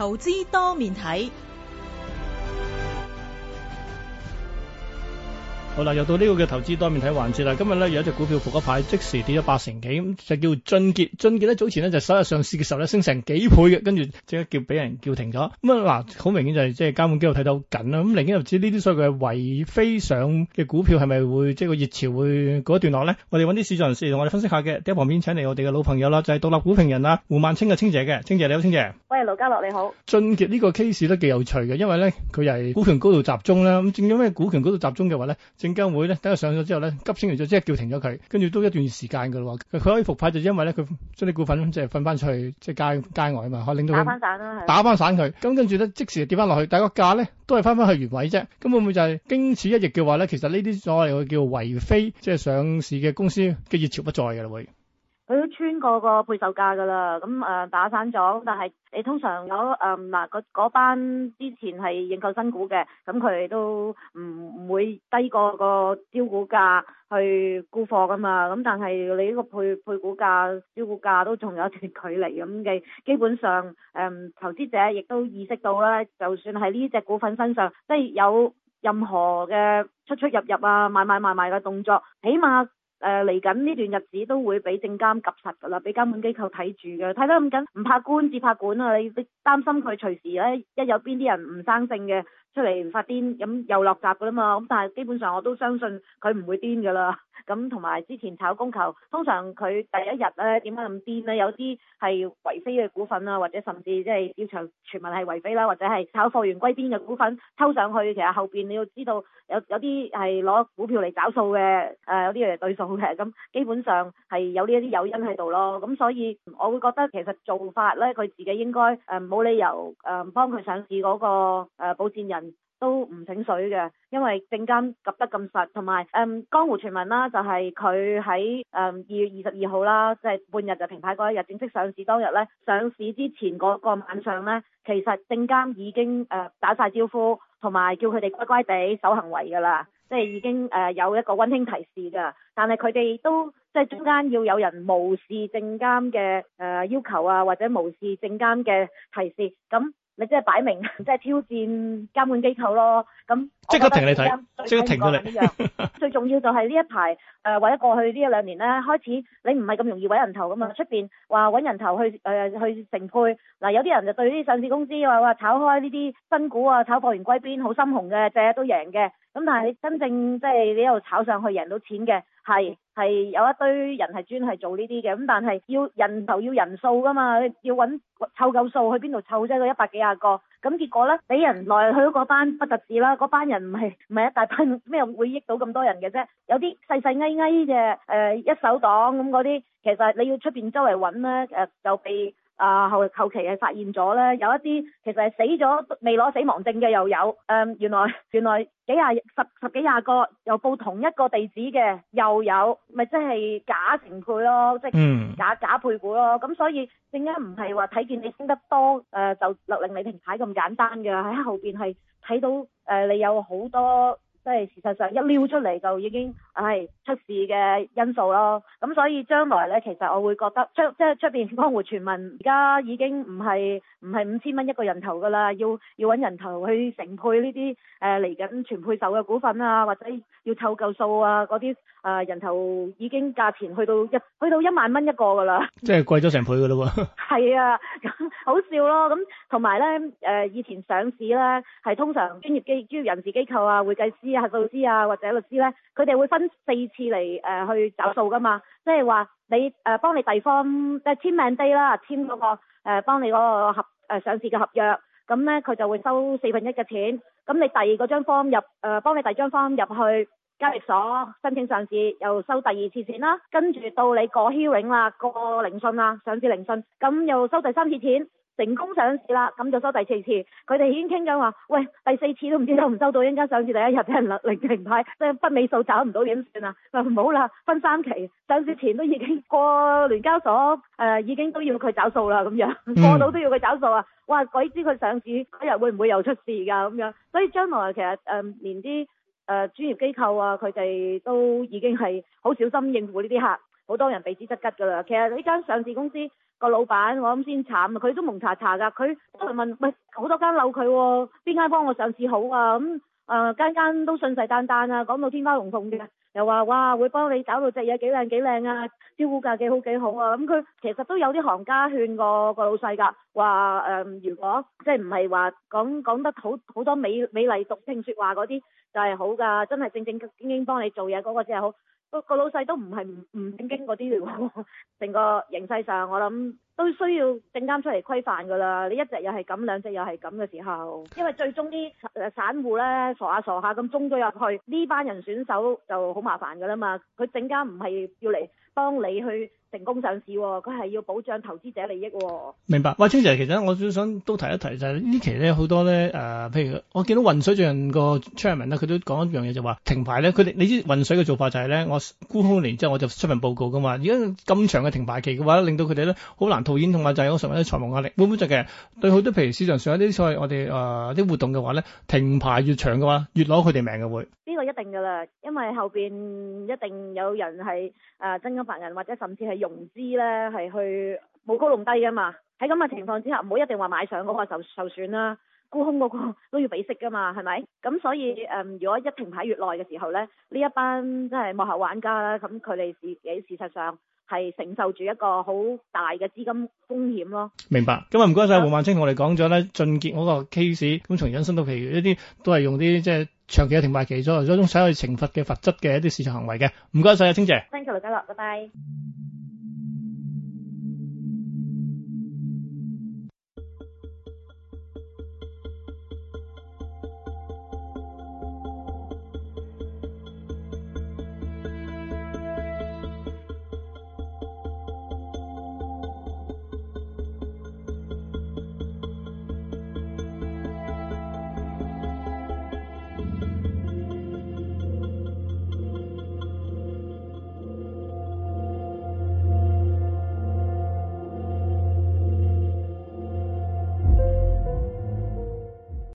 投資多面睇。好啦，又到呢個嘅投資多面睇環節啦。今日咧有一隻股票復咗牌，即時跌咗八成幾，咁就叫駿傑。駿傑咧早前咧就首日上市嘅時候咧升成幾倍嘅，跟住即刻叫俾人叫停咗。咁、嗯、啊嗱，好明顯就係即係監管機構睇到緊啦。咁嚟緊又知呢啲所謂嘅圍飛上嘅股票係咪會即係個熱潮會告一段落咧？我哋揾啲市場人士同我哋分析下嘅。第一，旁邊請嚟我哋嘅老朋友啦，就係、是、獨立股評人啦，胡孟青嘅清姐嘅。清姐你好，清姐。喂，係盧家樂，你好。駿傑呢個 case 都幾有趣嘅，因為咧佢係股權高度集中啦。咁、嗯、正因為股權高度集中嘅話咧。證監會咧，等佢上咗之後咧，急升完咗，即係叫停咗佢，跟住都一段時間嘅咯。佢可以復牌，就因為咧，佢將啲股份即係分翻出去，即係街街外啊嘛，可以令到佢打翻散咯，打翻散佢。咁跟住咧，即時跌翻落去，但係個價咧都係翻翻去原位啫。咁會唔會就係經此一役嘅話咧？其實呢啲所謂嘅叫為非，即係上市嘅公司嘅熱潮不再嘅啦會。佢都穿過個配售價㗎啦，咁、嗯、誒打散咗，但係你通常有誒嗱嗰班之前係認購新股嘅，咁佢哋都唔唔會低過個招股價去沽貨㗎嘛，咁、嗯、但係你呢個配配股價、招股價都仲有段距離咁嘅、嗯，基本上誒、嗯、投資者亦都意識到啦，就算喺呢隻股份身上，即係有任何嘅出出入入啊、買買賣賣嘅動作，起碼。誒，嚟緊呢段日子都會俾證監及實㗎啦，俾監管機構睇住嘅，睇得咁緊，唔怕官，只怕管啊！你你擔心佢隨時咧，一有邊啲人唔生性嘅。出嚟唔發癲，咁又落閘噶啦嘛，咁但係基本上我都相信佢唔會癲噶啦。咁同埋之前炒供求，通常佢第一日咧點解咁癲咧？有啲係違飛嘅股份啊，或者甚至即係要長傳聞係違飛啦，或者係炒貨源歸邊嘅股份抽上去，其實後邊你要知道有有啲係攞股票嚟找數嘅，誒有啲係對數嘅，咁基本上係有呢一啲誘因喺度咯。咁所以我會覺得其實做法咧，佢自己應該誒冇、呃、理由誒、呃、幫佢上市嗰個保薦人。都唔醒水嘅，因為證監 𥄫 得咁實，同埋誒江湖傳聞、就是嗯、啦，就係佢喺誒二月二十二號啦，即係半日就停牌嗰一日，正式上市當日咧，上市之前嗰個晚上咧，其實證監已經誒、呃、打晒招呼，同埋叫佢哋乖乖哋守行為㗎啦，即、就、係、是、已經誒有一個溫馨提示㗎，但係佢哋都即係、就是、中間要有人無視證監嘅誒、呃、要求啊，或者無視證監嘅提示，咁。你即係擺明，即係挑戰監管機構咯。咁即刻停你睇，即刻停咗你。最重要就係呢一排，誒或者過去呢一兩年咧，開始你唔係咁容易揾人頭咁嘛！出邊話揾人頭去誒去成配嗱，有啲人就對啲上市公司話話炒開呢啲新股啊，炒貨圓歸邊好深紅嘅，成日都贏嘅。咁但係你真正即係你一路炒上去，贏到錢嘅。.係係有一堆人係專係做呢啲嘅，咁但係要人頭要人數噶嘛，要揾湊夠數去邊度湊啫？嗰一百幾廿個，咁結果咧俾人來去嗰班不特止啦，嗰班人唔係唔係一大班咩會益到咁多人嘅啫，有啲細細矮矮嘅誒一手黨咁嗰啲，其實你要出邊周圍揾咧誒就被。啊，後後期係發現咗咧，有一啲其實係死咗未攞死亡證嘅又有，誒、呃、原來原來幾廿十十,十幾廿個又報同一個地址嘅又有，咪即係假成配咯，即係假假配股咯，咁、嗯嗯、所以點解唔係話睇見你升得多，誒、呃、就勒令你停牌咁簡單嘅，喺後邊係睇到誒、呃、你有好多即係、呃、事實上一撩出嚟就已經。係出事嘅因素咯，咁所以將來呢，其實我會覺得出即係出邊江湖傳聞，而家已經唔係唔係五千蚊一個人頭噶啦，要要揾人頭去承配呢啲誒嚟緊全配售嘅股份啊，或者要湊夠數啊嗰啲啊人頭已經價錢去到一去到一萬蚊一個噶啦，即係貴咗成倍噶咯喎，係 啊，咁好笑咯，咁同埋呢，誒、呃、以前上市呢係通常專業機專業人士機構啊、會計師、核數師啊、稅務師啊或者律師呢，佢哋會分。四次嚟誒、呃、去找數㗎嘛，即係話你誒、呃、幫你第方誒、呃、簽名 day 啦，簽嗰、那個誒、呃、幫你嗰個合誒、呃、上市嘅合約，咁咧佢就會收四分一嘅錢，咁、嗯、你第二嗰張方入誒、呃、幫你第二張 form 入去交易所申請上市，又收第二次錢啦，跟住到你過 hearing 啦，過聆訊啦，上市聆訊，咁、嗯、又收第三次錢。成功上市啦，咁就收第四次，佢哋已經傾緊話，喂，第四次都唔知收唔收到，應該上市第一日畀人勒令停牌，即係不尾數找唔到點算啊？唔好啦，分三期，上市前都已經過聯交所，誒、呃、已經都要佢找數啦，咁樣過到都要佢找數啊！哇，鬼知佢上市一日會唔會又出事㗎？咁樣，所以將來其實誒、呃、連啲誒、呃、專業機構啊，佢哋都已經係好小心應付呢啲客，好多人避之則吉㗎啦。其實呢間上市公司。個老闆我諗先慘，佢都蒙查查噶，佢都係問，喂，好多間樓佢邊間幫我上市好啊？咁誒間間都信誓旦旦啊，講到天花龍鳳嘅，又話哇，會幫你搞到隻嘢幾靚幾靚啊，招呼價幾好幾好啊，咁、嗯、佢其實都有啲行家勸過個老細噶，話誒、呃、如果即係唔係話講講得好好多美美麗毒聽說話嗰啲就係好噶，真係正正經經幫你做嘢嗰、那個先係好。個個老細都唔係唔唔正經嗰啲嚟喎，成個形勢上我諗。都需要證監出嚟規範㗎啦！你一隻又係咁，兩隻又係咁嘅時候，因為最終啲散戶咧傻下傻下咁衝咗入去，呢班人選手就好麻煩㗎啦嘛！佢證監唔係要嚟幫你去成功上市，佢係要保障投資者利益。哦。明白。喂，青姐，其實我想都提一提就係、是、呢期咧好多咧誒、呃，譬如我見到渾水最近個 Chairman 咧，佢都講一樣嘢就話、是、停牌咧，佢哋你知渾水嘅做法就係咧，我沽空完之後我就出份報告㗎嘛。而家咁長嘅停牌期嘅話，令到佢哋咧好難，路演同埋就係嗰上邊啲財務壓力，會唔會就最近對好多譬如市場上一啲所謂我哋誒啲活動嘅話咧，停牌越長嘅話，越攞佢哋命嘅會？呢個一定噶啦，因為後邊一定有人係誒真金白銀，或者甚至係融資咧，係去冇高弄低噶嘛。喺咁嘅情況之下，唔好一定話買上嗰個受受損啦。沽空嗰個都要俾息噶嘛，係咪？咁所以誒、嗯，如果一停牌越耐嘅時候咧，呢一班即係幕後玩家啦，咁佢哋自己事實上係承受住一個好大嘅資金風險咯。明白。今日唔該晒胡孟青，同我哋講咗咧駿傑嗰個 case，咁從而引申到譬如一啲都係用啲即係長期嘅停牌期，咗嗰種所謂懲罰嘅罰則嘅一啲市場行為嘅。唔該晒啊，清姐。好，大家好，拜拜。